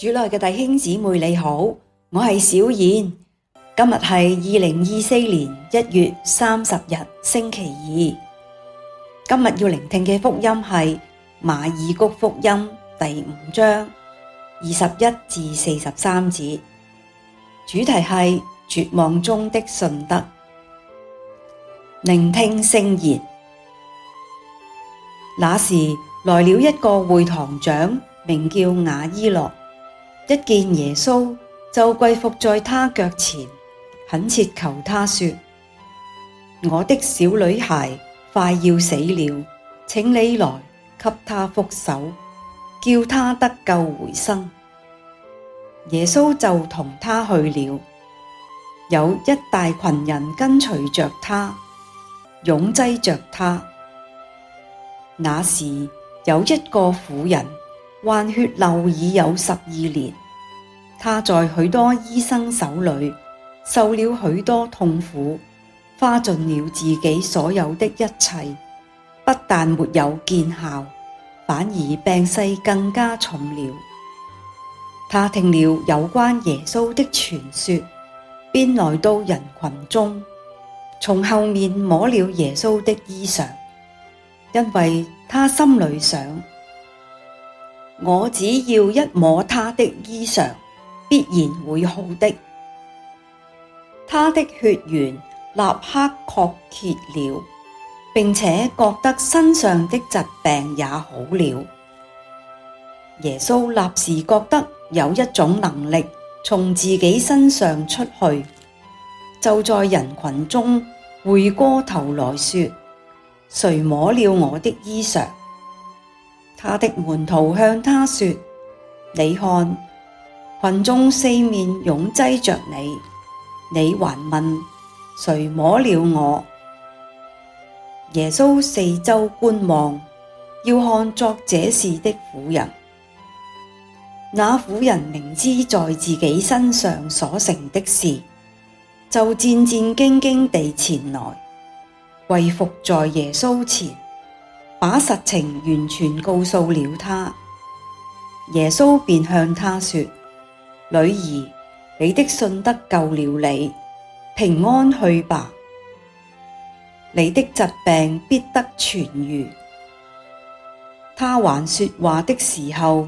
主內嘅弟兄姊妹你好，我係小燕。今日係二零二四年一月三十日星期二。今日要聆聽嘅福音係馬爾谷福音第五章二十一至四十三節。主題係絕望中的信德。聆聽聖言。那時來了一個會堂長，名叫雅依洛。一見耶穌，就跪伏在他腳前，懇切求他說：我的小女孩快要死了，請你來給她覆手，叫她得救回生。耶穌就同他去了，有一大群人跟隨着他，擁擠着他。那時有一個婦人。患血漏已有十二年，他在許多醫生手裏受了許多痛苦，花盡了自己所有的一切，不但沒有見效，反而病勢更加重了。他聽了有關耶穌的傳說，便來到人群中，從後面摸了耶穌的衣裳，因為他心裏想。我只要一摸他的衣裳，必然會好的。他的血源立刻涸竭了，並且覺得身上的疾病也好了。耶穌立時覺得有一種能力從自己身上出去，就在人群中回過頭來說：誰摸了我的衣裳？他的門徒向他說：你看，群眾四面擁擠着你，你還問誰摸了我？耶穌四周觀望，要看作這事的婦人。那婦人明知在自己身上所成的事，就戰戰兢兢地前來，跪伏在耶穌前。把實情完全告訴了他，耶穌便向他說：女兒，你的信德救了你，平安去吧，你的疾病必得痊癒。他還說話的時候，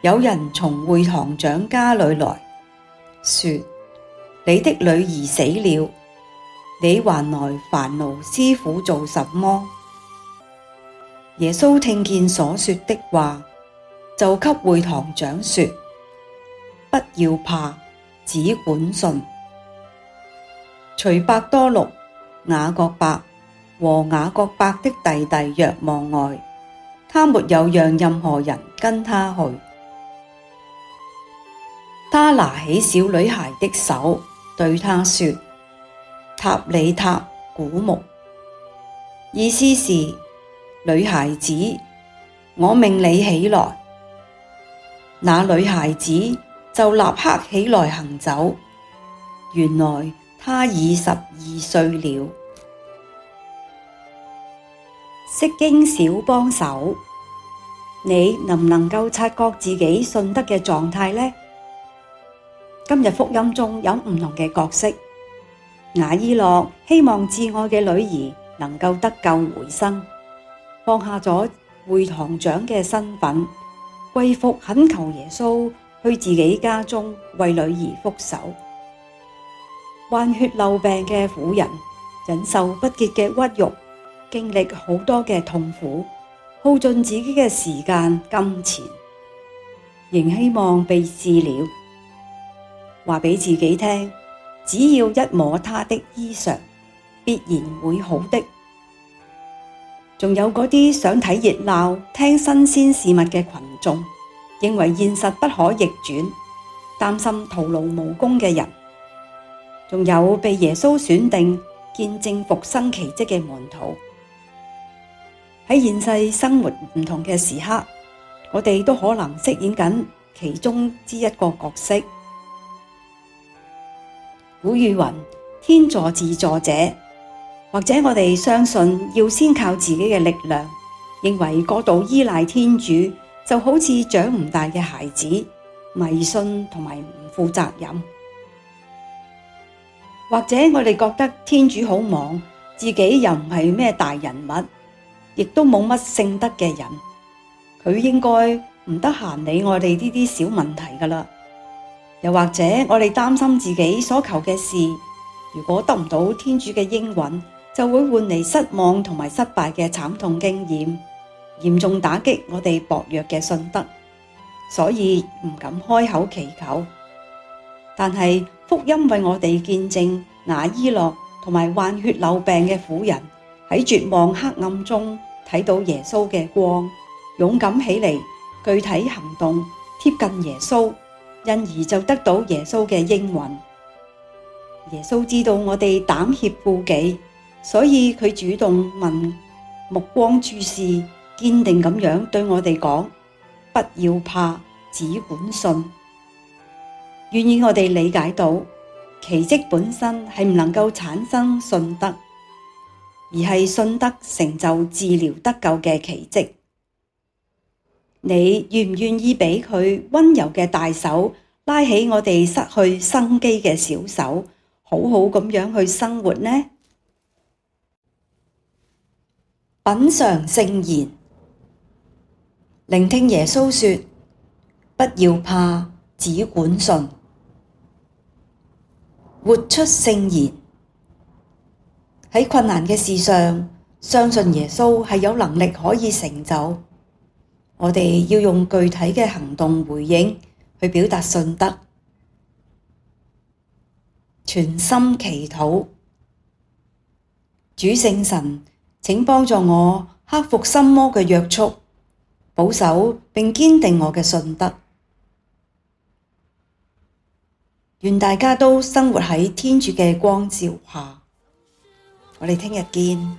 有人從會堂長家裏來說：你的女兒死了，你還來煩勞師傅做什麼？耶穌聽見所說的話，就給會堂長說：不要怕，只管信。除伯多祿、雅各伯和雅各伯的弟弟若望外，他沒有讓任何人跟他去。他拿起小女孩的手，對他說：塔里塔，古木！意思是。女孩子，我命你起來，那女孩子就立刻起來行走。原來她已十二歲了，釋經小幫手，你能唔能夠察覺自己信德嘅狀態呢？今日福音中有唔同嘅角色，雅依洛希望至愛嘅女兒能夠得救回生。放下咗會堂長嘅身份，跪伏懇求耶穌去自己家中為女兒覆手。患血漏病嘅婦人忍受不潔嘅屈辱，經歷好多嘅痛苦，耗盡自己嘅時間、金錢，仍希望被治療。話俾自己聽：只要一摸她的衣裳，必然會好的。仲有嗰啲想睇熱鬧、聽新鮮事物嘅群眾，認為現實不可逆轉，擔心徒勞無功嘅人，仲有被耶穌選定見證復生奇蹟嘅門徒，喺現世生活唔同嘅時刻，我哋都可能飾演緊其中之一個角色。古語云，天助自助者。或者我哋相信要先靠自己嘅力量，認為過度依賴天主就好似長唔大嘅孩子，迷信同埋唔負責任。或者我哋覺得天主好忙，自己又唔係咩大人物，亦都冇乜聖德嘅人，佢應該唔得閒理我哋呢啲小問題噶啦。又或者我哋擔心自己所求嘅事，如果得唔到天主嘅應允，就會換嚟失望同埋失敗嘅慘痛經驗，嚴重打擊我哋薄弱嘅信德，所以唔敢開口祈求。但係福音為我哋見證，雅依洛同埋患血漏病嘅婦人喺絕望黑暗中睇到耶穌嘅光，勇敢起嚟，具體行動貼近耶穌，因而就得到耶穌嘅應允。耶穌知道我哋膽怯顧忌。所以佢主動問，目光注視，堅定咁樣對我哋講：不要怕，只管信。願意我哋理解到，奇蹟本身係唔能夠產生信德，而係信德成就治療得救嘅奇蹟。你願唔願意俾佢温柔嘅大手拉起我哋失去生機嘅小手，好好咁樣去生活呢？品嚐聖言，聆聽耶穌說：不要怕，只管信。活出聖言，喺困難嘅事上，相信耶穌係有能力可以成就。我哋要用具體嘅行動回應，去表達信德。全心祈禱，主聖神。請幫助我克服心魔嘅約束，保守並堅定我嘅信德。願大家都生活喺天主嘅光照下。我哋聽日見。